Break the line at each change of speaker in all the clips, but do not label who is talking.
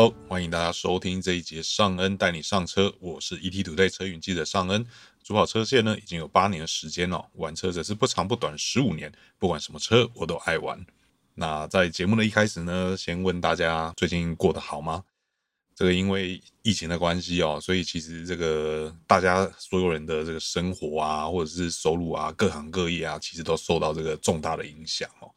Hello, 歡迎大家收聽這一節尚恩帶你上車，我是 ETtoday 車雲記者尚恩，主跑車線呢已經有八年的時間了哦，玩車則是不長不短十五年，不管什麼車我都愛玩。那在節目的一開始呢，先問大家最近過得好嗎？這個因為疫情的關係哦，所以其實這個大家所有人的這個生活啊，或者是收入啊，各行各業啊，其實都受到這個重大的影響哦。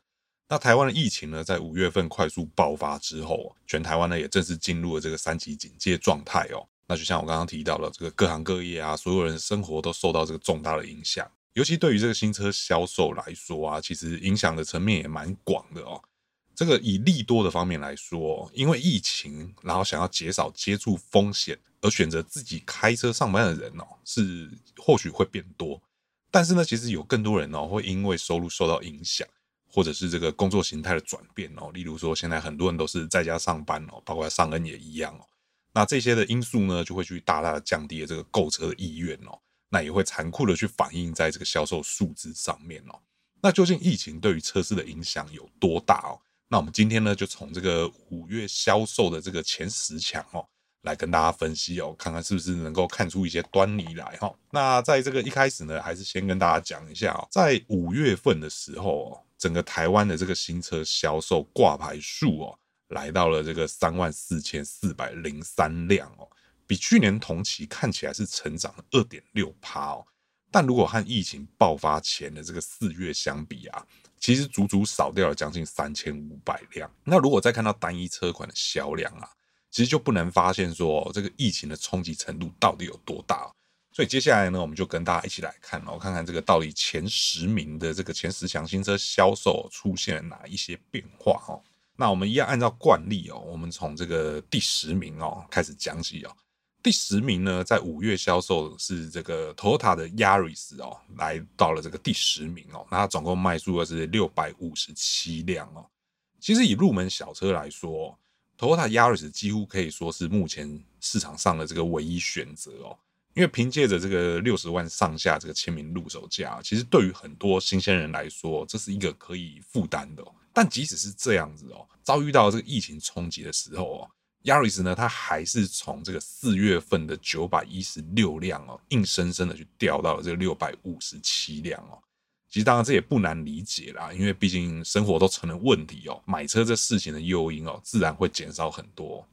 那台灣的疫情呢，在五月份快速爆發之後，全台灣呢也正式進入了這個三級警戒狀態哦。那就像我剛剛提到了，這個各行各業啊，所有人的生活都受到這個重大的影響。尤其對於這個新車銷售來說啊，其實影響的層面也蠻廣的哦。這個以利多的方面來說，因為疫情，然後想要減少接觸風險而選擇自己開車上班的人哦，是或許會變多。但是呢，其實有更多人哦，會因為收入受到影響。或者是這個工作形態的轉變哦，例如說現在很多人都是在家上班哦，包括上恩也一樣哦。那這些的因素呢，就會去大大的降低了這個購車的意願哦，那也會殘酷的去反映在這個銷售數字上面哦。那究竟疫情對於車市的影響有多大哦？那我們今天呢，就從這個五月銷售的這個前十強哦，來跟大家分析哦，看看是不是能夠看出一些端倪來哈、哦。那在這個一開始呢，還是先跟大家講一下哦，在五月份的時候哦。整個台灣的這個新車銷售掛牌數哦，來到了這個三萬四千四百零三輛哦，比去年同期看起來是成長了二點六趴哦，但如果和疫情爆發前的這個四月相比啊，其實足足少掉了將近三千五百輛。那如果再看到單一車款的銷量啊，其實就不難發現說哦，這個疫情的衝擊程度到底有多大啊。所以接下來呢，我們就跟大家一起來看哦，看看這個到底前十名的這個前十強新車銷售出現了哪一些變化哦。那我們一樣按照慣例哦，我們從這個第十名哦開始講起哦。第十名呢，在五月銷售是這個 Toyota 的 Yaris 哦，來到了這個第十名哦。那它總共賣出的是六百五十七輛哦。其實以入門小車來說，Toyota Yaris 幾乎可以說是目前市場上的這個唯一選擇哦。因為憑借着這個六十萬上下這個親民入手價，其實對於很多新鮮人來說，這是一個可以負擔的。但即使是這樣子哦，遭遇到這個疫情衝擊的時候哦，Yaris 呢，它還是從這個四月份的九百一十六輛哦，硬生生的去掉到了這個六百五十七輛哦。其實當然這也不難理解啦，因為畢竟生活都成了問題哦，買車這事情的誘因哦，自然會減少很多。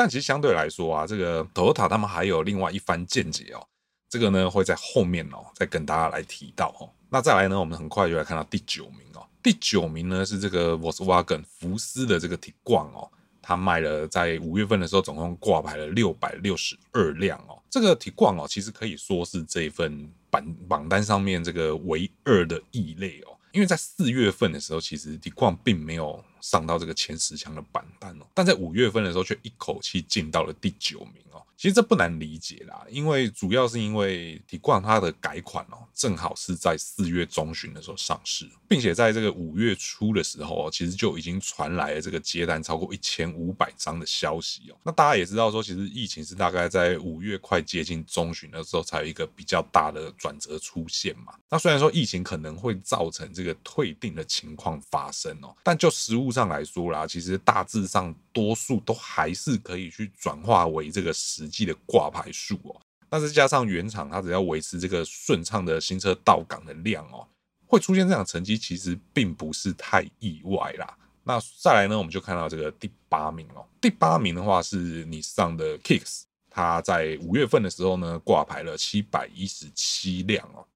但其實相對來說啊，這個 Toyota 他們還有另外一番見解哦、喔。這個呢會在後面哦、喔、再跟大家來提到哦、喔。那再來呢，我們很快就來看到第九名哦、喔。第九名呢是這個 Volkswagen 福斯的這個 Tiguan 哦，他賣了在五月份的時候總共掛牌了六百六十二輛哦。這個 Tiguan 哦，其實可以說是這一份榜榜單上面這個唯二的異類哦、喔。因為在四月份的時候，其實 Tiguan 並沒有上到這個前十強的榜單哦、喔，但在五月份的時候，卻一口氣進到了第九名。其實這不難理解啦，因為主要是因為 Tiguan 它的改款哦，正好是在四月中旬的時候上市，並且在這個五月初的時候哦，其實就已經傳來了這個接單超過一千五百張的消息哦。那大家也知道說，其實疫情是大概在五月快接近中旬的時候才有一個比較大的轉折出現嘛。那雖然說疫情可能會造成這個退訂的情況發生哦，但就實務上來說啦，其實大致上。多數都還是可以去轉化為這個實際的掛牌數哦，但是加上原廠，它只要維持這個順暢的新車到港的量哦，會出現這樣的成績其實並不是太意外啦。那再來呢，我們就看到這個第八名哦，第八名的話是 Nissan 的 Kicks，它在五月份的時候呢掛牌了七百一十七輛哦。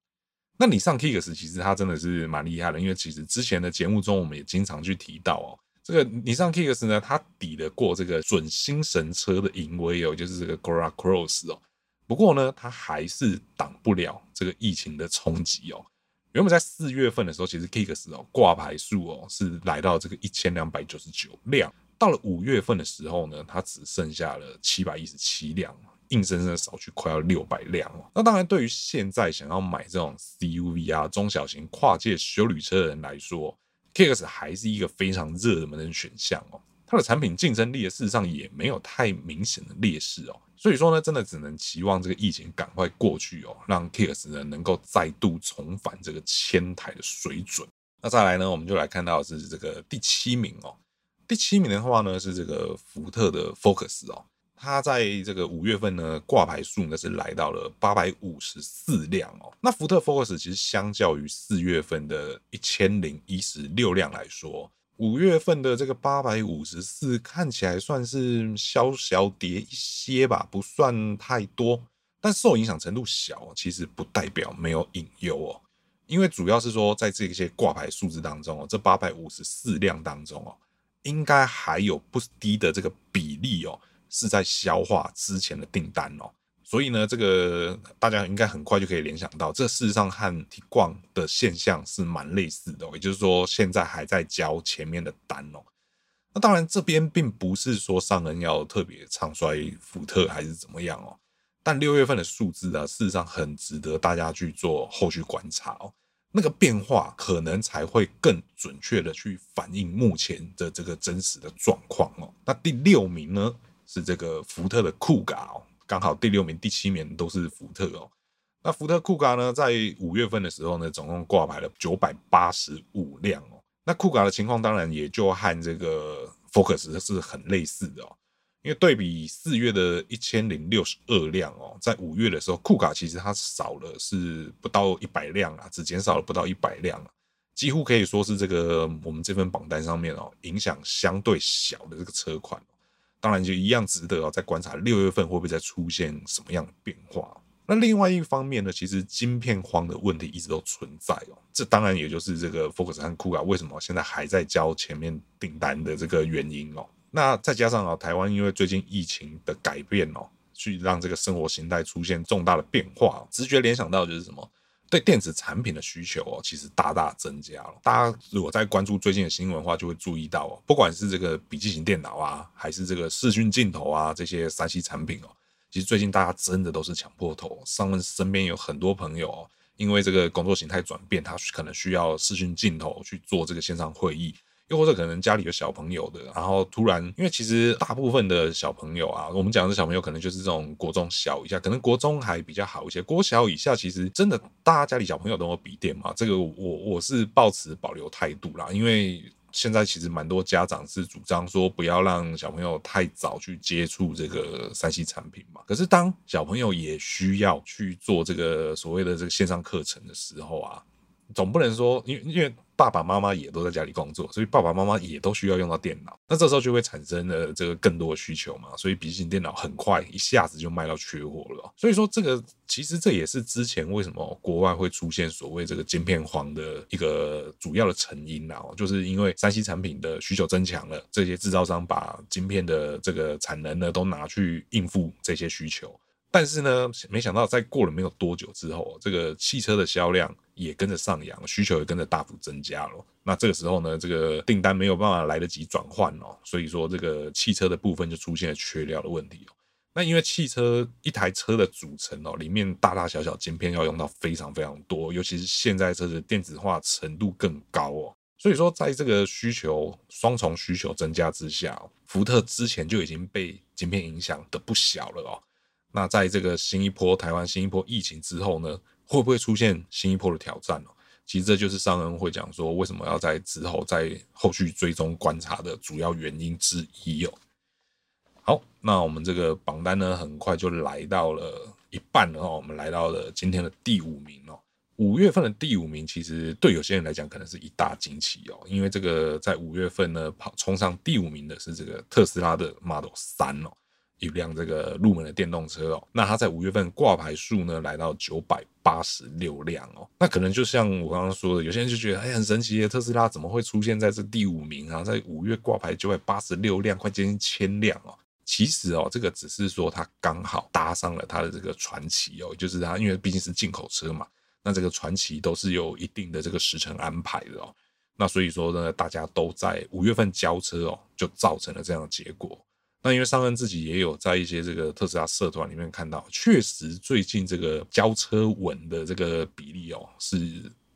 那 Nissan Kicks 其實它真的是蠻厲害的，因為其實之前的節目中我們也經常去提到哦。這個 Nissan Kicks 呢，它抵得過這個準新神車的淫威哦，就是這個 Corolla Cross 哦。不過呢，它還是擋不了這個疫情的衝擊哦。原本在四月份的時候，其實 Kicks 哦掛牌數哦是來到這個一千兩百九十九輛，到了五月份的時候呢，它只剩下了七百一十七輛，硬生生的少去快要六百輛哦。那當然，對於現在想要買這種 CUV 啊中小型跨界休旅車的人來說，Kicks 還是一個非常熱門的選項哦，它的產品競爭力的事實上也沒有太明顯的劣勢哦，所以說呢，真的只能期望這個疫情趕快過去哦，讓 Kicks 呢能夠再度重返這個千台的水準。那再來呢，我們就來看到的是這個第七名哦，第七名的話呢是這個福特的 Focus 哦。它在這個五月份呢，掛牌數應該是來到了八百五十四輛哦。那福特 Focus 其實相較於四月份的一千零一十六輛來說，五月份的這個八百五十四看起來算是稍稍跌一些吧，不算太多，但受影響程度小，其實不代表沒有隱憂哦。因為主要是說在這些掛牌數字當中哦，這八百五十四輛當中哦，應該還有不低的這個比例哦。是在消化之前的訂單哦，所以呢，這個大家應該很快就可以聯想到，這事實上和 Tiguan 的現象是蠻類似的，也就是說，現在還在交前面的單哦。那當然，這邊並不是說商人要特別唱衰福特還是怎麼樣哦。但六月份的數字啊，事實上很值得大家去做後續觀察哦。那個變化可能才會更準確的去反映目前的這個真實的狀況哦。那第六名呢？是這個福特的 Kuga 哦，剛好第六名、第七名都是福特哦。那福特 Kuga 呢，在五月份的時候呢，總共掛牌了九百八十五輛哦。那 Kuga 的情況當然也就和這個 Focus 是很類似的哦，因為對比四月的一千零六十二輛哦，在五月的時候，Kuga 其實它少了是不到一百輛啊，只減少了不到一百輛啊，幾乎可以說是這個我們這份榜單上面哦，影響相對小的這個車款。當然就一樣值得哦，在觀察六月份會不會再出現什麼樣的變化。那另外一方面呢，其實晶片荒的問題一直都存在哦，這當然也就是這個 Focus 和酷 a 為什麼現在還在交前面訂單的這個原因哦。那再加上啊，台灣因為最近疫情的改變哦，去讓這個生活形態出現重大的變化，直覺聯想到就是什麼？對電子產品的需求哦，其實大大增加了。大家如果在關注最近的新聞的話，就會注意到哦，不管是這個筆記型電腦啊，還是這個視訊鏡頭啊，這些三 C 產品哦，其實最近大家真的都是搶破頭。上問身邊有很多朋友哦，因為這個工作形態轉變，他可能需要視訊鏡頭去做這個線上會議。又或者可能家裡有小朋友的，然後突然，因為其實大部分的小朋友啊，我們講的小朋友可能就是這種國中小以下，可能國中還比較好一些，國小以下其實真的，大家家裡小朋友都有筆電嘛，這個我我是抱持保留態度啦，因為現在其實蠻多家長是主張說，不要讓小朋友太早去接觸這個三 C 產品嘛，可是當小朋友也需要去做這個所謂的這個線上課程的時候啊，總不能說因為因為。因為爸爸媽媽也都在家裡工作，所以爸爸媽媽也都需要用到電腦。那這時候就會產生了這個更多的需求嘛，所以筆記型電腦很快一下子就賣到缺貨了。所以說，這個其實這也是之前為什麼國外會出現所謂這個晶片荒的一個主要的成因啦，就是因為 3C 產品的需求增強了，這些製造商把晶片的這個產能呢都拿去應付這些需求。但是呢，沒想到在過了沒有多久之後，這個汽車的銷量也跟着上揚，需求也跟着大幅增加了。那這個時候呢，這個訂單沒有辦法來得及轉換哦，所以說這個汽車的部分就出現了缺料的問題。那因為汽車一台車的組成哦，裡面大大小小晶片要用到非常非常多，尤其是現在車子的電子化程度更高哦，所以說在這個需求雙重需求增加之下，福特之前就已經被晶片影響得不小了哦。那在這個新一波台灣新一波疫情之後呢，會不會出現新一波的挑戰、喔、其實這就是商人會講說，為什麼要在之後在後續追蹤觀察的主要原因之一哦、喔。好，那我們這個榜單呢，很快就來到了一半了、喔、哦，我們來到了今天的第五名哦、喔。五月份的第五名，其實對有些人來講可能是一大驚喜哦，因為這個在五月份呢，跑衝上第五名的是這個特斯拉的 Model 3哦、喔。一輛這個入門的電動車哦，那它在五月份掛牌數呢，來到九百八十六輛哦。那可能就像我剛剛說的，有些人就覺得哎、欸、很神奇的特斯拉怎麼會出現在這第五名啊？在五月掛牌九百八十六輛，快接近千輛哦。其實哦，這個只是說它剛好搭上了它的這個船期哦，就是它因為畢竟是進口車嘛，那這個船期都是有一定的這個時程安排的哦。那所以說呢，大家都在五月份交車哦，就造成了這樣的結果。那因為上恩自己也有在一些這個特斯拉社團裡面看到，確實最近這個交車文的這個比例哦、喔，是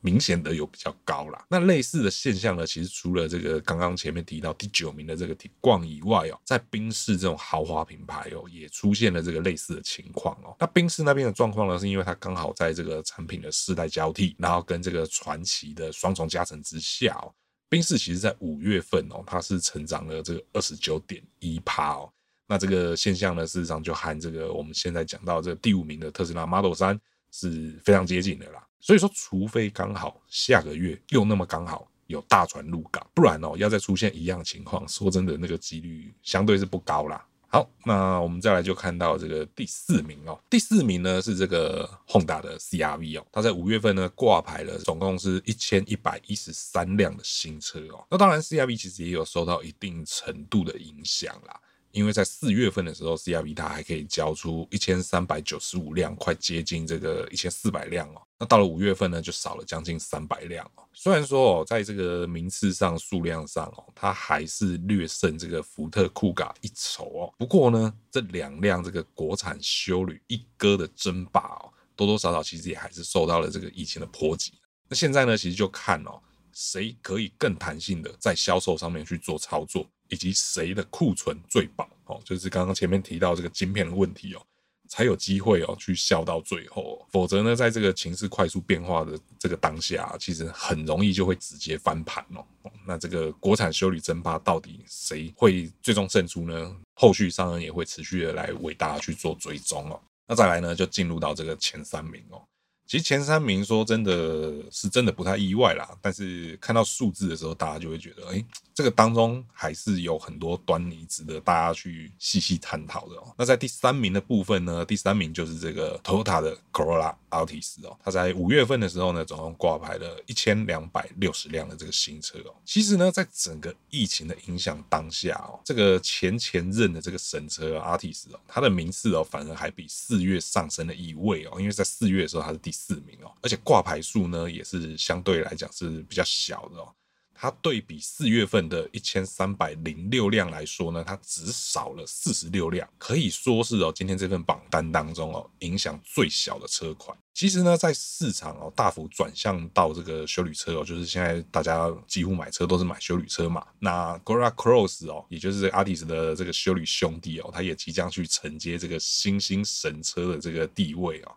明顯的有比較高啦。那類似的現象呢，其實除了這個剛剛前面提到第九名的這個 Tiguan 以外哦、喔，在賓士這種豪華品牌哦、喔，也出現了這個類似的情況哦、喔。那賓士那邊的狀況呢，是因為它剛好在這個產品的世代交替，然後跟這個傳奇的雙重加成之下哦、喔。冰室其實在五月份哦，它是成長了這個二十九點一趴哦。那這個現象呢，事實上就和這個我們現在講到這個第五名的特斯拉 Model 三是非常接近的啦。所以說，除非剛好下個月又那麼剛好有大船入港，不然哦，要再出現一樣情況，說真的，那個幾率相對是不高啦。好，那我們再來就看到這個第四名哦。第四名呢是這個 Honda 的 CRV 哦，它在五月份呢掛牌了，總共是一千一百一十三輛的新車哦。那當然，CRV 其實也有受到一定程度的影響啦。因為在四月份的時候，C R V 它還可以交出一千三百九十五輛，快接近這個一千四百輛哦。那到了五月份呢，就少了將近三百輛哦。雖然說哦，在這個名次上、數量上哦，它還是略勝這個福特酷嘎一籌哦。不過呢，這兩輛這個國產休旅一哥的爭霸哦，多多少少其實也還是受到了這個疫情的波及。那現在呢，其實就看哦，誰可以更彈性的在銷售上面去做操作。以及誰的庫存最薄？哦，就是剛剛前面提到這個晶片的問題哦，才有機會哦去笑到最後。否則呢，在這個情勢快速變化的這個當下，其實很容易就會直接翻盤哦。那這個國產休旅爭霸到底誰會最終勝出呢？後續商人也會持續的來為大家去做追蹤哦。那再來呢，就進入到這個前三名哦。其實前三名說真的是真的不太意外啦，但是看到數字的時候，大家就會覺得，哎，這個當中還是有很多端倪值得大家去細細探討的哦。那在第三名的部分呢，第三名就是這個 Toyota 的 Corolla Altis 哦，它在五月份的時候呢，總共掛牌了一千兩百六十輛的這個新車哦。其實呢，在整個疫情的影響當下哦，這個前前任的這個神車、啊、Altis 哦，它的名次哦，反而還比四月上升了一位哦，因為在四月的時候它是第。四名哦，而且掛牌數呢也是相對來講是比較小的哦。它對比四月份的一千三百零六輛來說呢，它只少了四十六輛，可以說是哦，今天這份榜單當中哦，影響最小的車款。其實呢，在市場哦，大幅轉向到這個休旅車哦，就是現在大家幾乎買車都是買休旅車嘛。那 Corolla Cross 哦，也就是 Altis 的這個休旅兄弟哦，他也即將去承接這個新興神車的這個地位哦。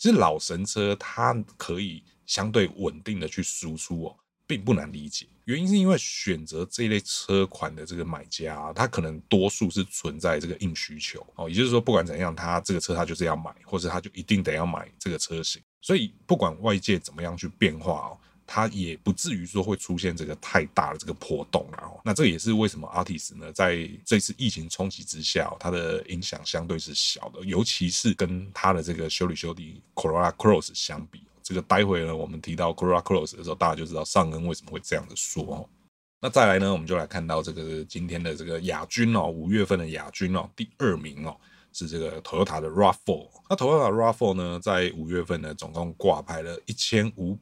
其實老神車它可以相對穩定的去輸出哦，並不難理解。原因是因為選擇這一類車款的這個買家啊，他可能多數是存在這個硬需求哦，也就是說不管怎樣，他這個車他就是要買，或者他就一定得要買這個車型。所以不管外界怎麼樣去變化哦。它也不至於說會出現這個太大的這個波動啊、哦、那這也是為什麼 Altis 呢，在這次疫情衝擊之下、哦，它的影響相對是小的，尤其是跟它的這個休旅兄弟 Corolla Cross 相比、哦，這個待會呢，我們提到 Corolla Cross 的時候，大家就知道上恩為什麼會這樣子說、哦。那再來呢，我們就來看到這個今天的這個亞軍哦，五月份的亞軍哦，第二名哦。是這個 Toyota 的 RAV4，那 Toyota RAV4 呢，在五月份呢，總共掛牌了1542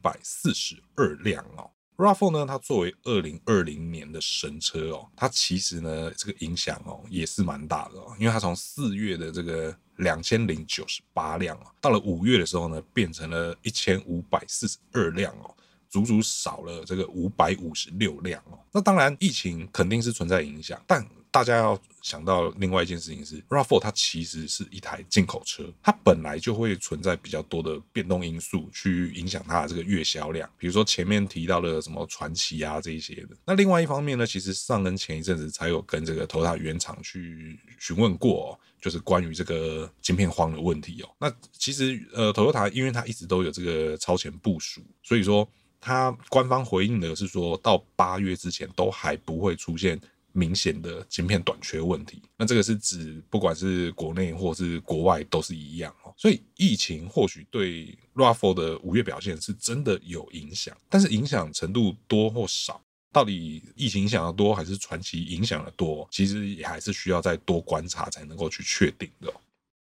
輛哦。RAV4 呢，它作為2020年的神車哦，它其實呢，這個影響哦，也是蠻大的哦，因為它從四月的這個兩千零九十八輛哦，到了五月的時候呢，變成了一千五百四十二輛哦，足足少了這個五百五十六輛哦。那當然，疫情肯定是存在影響，但。大家要想到另外一件事情是，RAV4 它其實是一台進口車，它本來就會存在比較多的變動因素去影響它的這個月銷量，比如說前面提到的什麼傳奇啊這一些的。那另外一方面呢，其實上跟前一陣子才有跟這個 Toyota 原廠去詢問過，哦，就是關於這個晶片荒的問題哦。那其實呃，Toyota 因為它一直都有這個超前部署，所以說它官方回應的是說到八月之前都還不會出現。明顯的晶片短缺問題，那這個是指不管是國內或是國外都是一樣哦。所以疫情或許對 RAV4 的五月表現是真的有影響，但是影響程度多或少，到底疫情影響的多還是傳奇影響的多，其實也還是需要再多觀察才能夠去確定的、哦。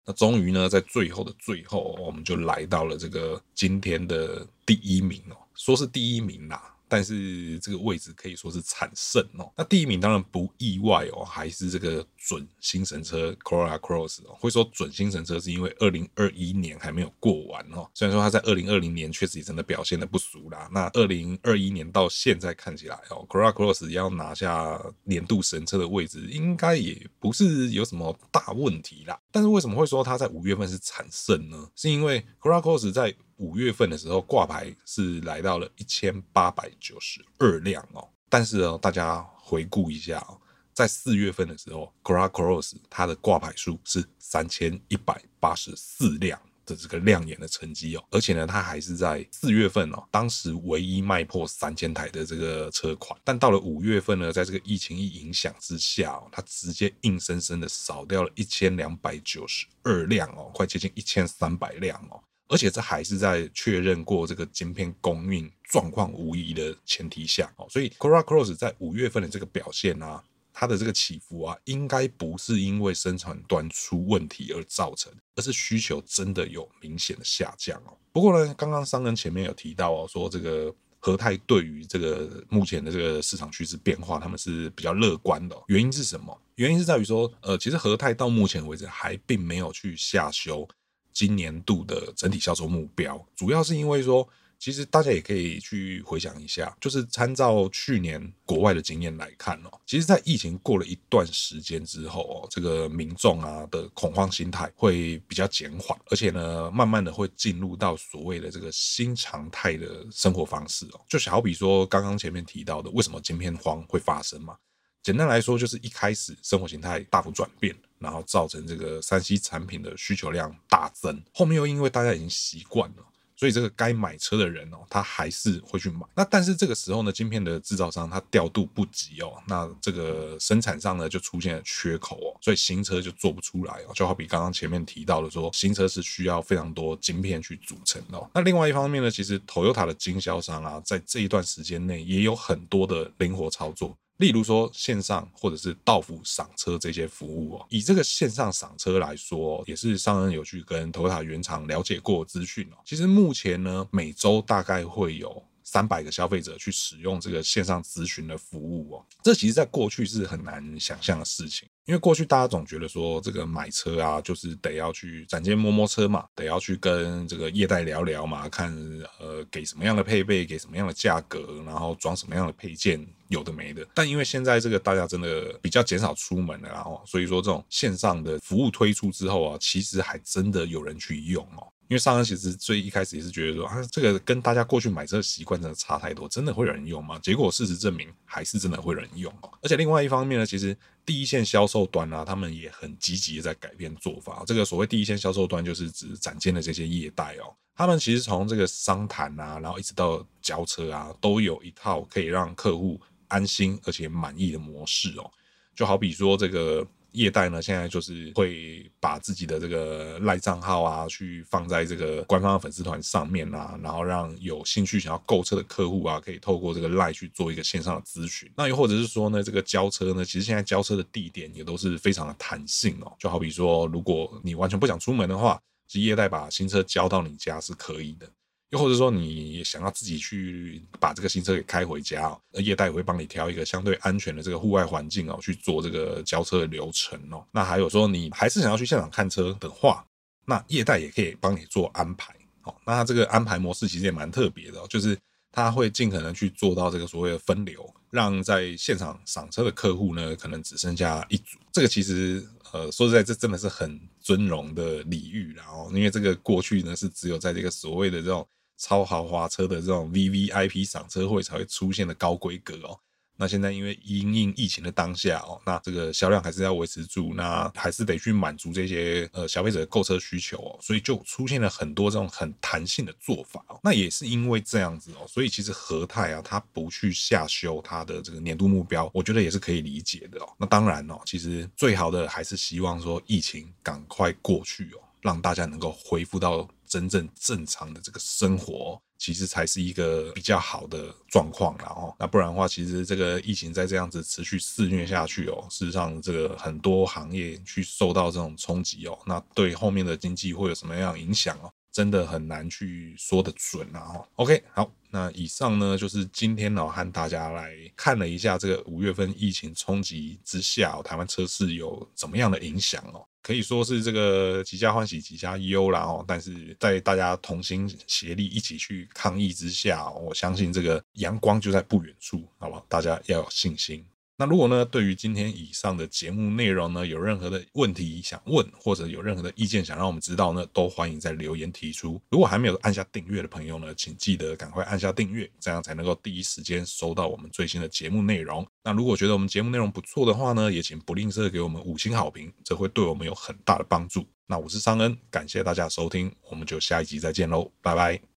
那終於呢，在最後的最後，我們就來到了這個今天的第一名哦，說是第一名啦、啊。但是這個位置可以說是慘勝哦、喔。那第一名當然不意外哦、喔，還是這個準新神車 Corolla Cross 哦、喔。會說準新神車，是因為2021年還沒有過完哦、喔。雖然說它在2020年確實也真的表現的不俗啦。那2021年到現在看起來哦、喔、Corolla Cross 要拿下年度神車的位置，應該也不是有什麼大問題啦。但是為什麼會說它在五月份是慘勝呢？是因為 Corolla Cross 在五月份的時候，掛牌是來到了一千八百九十二輛哦。但是呢，大家回顧一下哦，在四月份的時候，Corolla Cross 它的掛牌數是三千一百八十四輛的這個亮眼的成績哦。而且呢，它還是在四月份哦，當時唯一賣破三千台的這個車款。但到了五月份呢，在這個疫情一影響之下哦，它直接硬生生的少掉了一千兩百九十二輛哦，快接近一千三百輛哦。而且這還是在確認過這個晶片供應狀況無虞的前提下哦，所以 Corolla Cross 在五月份的這個表現啊，它的這個起伏啊，應該不是因為生產端出問題而造成，而是需求真的有明顯的下降哦。不過呢，剛剛商人前面有提到哦，說這個和泰對於這個目前的這個市場趨勢變化，他們是比較樂觀的。原因是什麼？原因是在於說，呃，其實和泰到目前為止還並沒有去下修。今年度的整體銷售目標，主要是因為說，其實大家也可以去回想一下，就是參照去年國外的經驗來看哦。其實，在疫情過了一段時間之後哦，這個民眾啊的恐慌心態會比較減緩，而且呢，慢慢的會進入到所謂的這個新常態的生活方式哦。就好比說，剛剛前面提到的，為什麼晶片荒會發生嘛？簡單來說，就是一開始生活形態大幅轉變。然後造成這個三 C 產品的需求量大增，後面又因為大家已經習慣了，所以這個該買車的人哦，他還是會去買。那但是這個時候呢，晶片的制造商他調度不及哦，那這個生產上呢就出現了缺口哦，所以新車就做不出來哦。就好比剛剛前面提到的，說新車是需要非常多晶片去組成的哦。那另外一方面呢，其實 Toyota 的經銷商啊，在這一段時間內也有很多的靈活操作。例如說，線上或者是到府賞車這些服務哦，以這個線上賞車來說，哦，也是上任有去跟 Toyota 原廠了解過的資訊哦。其實目前呢，每周大概會有三百個消費者去使用這個線上諮詢的服務哦，這其實在過去是很難想象的事情，因為過去大家總覺得說這個買車啊，就是得要去展間摸摸車嘛，得要去跟這個業代聊聊嘛，看呃給什麼樣的配備，給什麼樣的價格，然後裝什麼樣的配件，有的沒的。但因為現在這個大家真的比較減少出門了，然後所以說這種線上的服務推出之後啊，其實還真的有人去用哦。因為上上其實最一開始也是覺得說啊，這個跟大家過去買車的習慣真的差太多，真的會有人用嗎？結果事實證明還是真的會有人用哦。而且另外一方面呢，其實第一線銷售端啊，他們也很積極的在改變做法。這個所謂第一線銷售端，就是指展間的這些業代哦，他們其實從這個商談啊，然後一直到交車啊，都有一套可以讓客戶安心而且滿意的模式哦。就好比說這個。業代呢，現在就是會把自己的這個 LINE 賬號啊，去放在這個官方的粉絲團上面啊，然後讓有興趣想要購車的客戶啊，可以透過這個 LINE 去做一個線上的諮詢。那又或者是說呢，這個交車呢，其實現在交車的地點也都是非常的彈性哦。就好比說，如果你完全不想出門的話，其實業代把新車交到你家是可以的。又或者說你想要自己去把這個新車給開回家哦，而業代也會幫你挑一個相對安全的這個戶外環境哦，去做這個交車的流程哦。那還有說你還是想要去現場看車的話，那業代也可以幫你做安排哦。那這個安排模式其實也蠻特別的哦，就是他會盡可能去做到這個所謂的分流，讓在現場賞車的客戶呢，可能只剩下一組。這個其實呃，說實在這真的是很尊榮的禮遇，然後因為這個過去呢，是只有在這個所謂的這種。超豪華車的這種 VVIP 賞車會才會出現的高規格哦、喔。那現在因為因應疫情的當下哦、喔，那這個銷量還是要維持住，那還是得去滿足這些呃消費者的購車需求哦、喔。所以就出現了很多這種很彈性的做法哦、喔。那也是因為這樣子哦、喔，所以其實和泰啊，他不去下修他的這個年度目標，我覺得也是可以理解的哦、喔。那當然哦、喔，其實最好的還是希望說疫情趕快過去哦、喔，讓大家能夠恢復到。真正正常的這個生活，其實才是一個比較好的狀況啦、哦，然後那不然的話，其實這個疫情再這樣子持續肆虐下去哦，事實上這個很多行業去受到這種衝擊哦，那對後面的經濟會有什麼樣的影響哦？真的很難去說得準啊！OK，好，那以上呢就是今天呢、哦、和大家來看了一下這個五月份疫情衝擊之下、哦，台灣車市有怎麼樣的影響哦，可以說是這個幾家歡喜幾家憂啦哦，但是在大家同心協力一起去抗疫之下、哦，我相信這個陽光就在不遠處，好不好？大家要有信心。那如果呢，對於今天以上的節目內容呢，有任何的問題想問，或者有任何的意見想讓我們知道呢，都歡迎在留言提出。如果還沒有按下訂閱的朋友呢，請記得趕快按下訂閱，這樣才能夠第一時間收到我們最新的節目內容。那如果覺得我們節目內容不錯的話呢，也請不吝嗇給我們五星好評，這會對我們有很大的幫助。那我是商恩，感謝大家收聽，我們就下一集再見嘍，拜拜。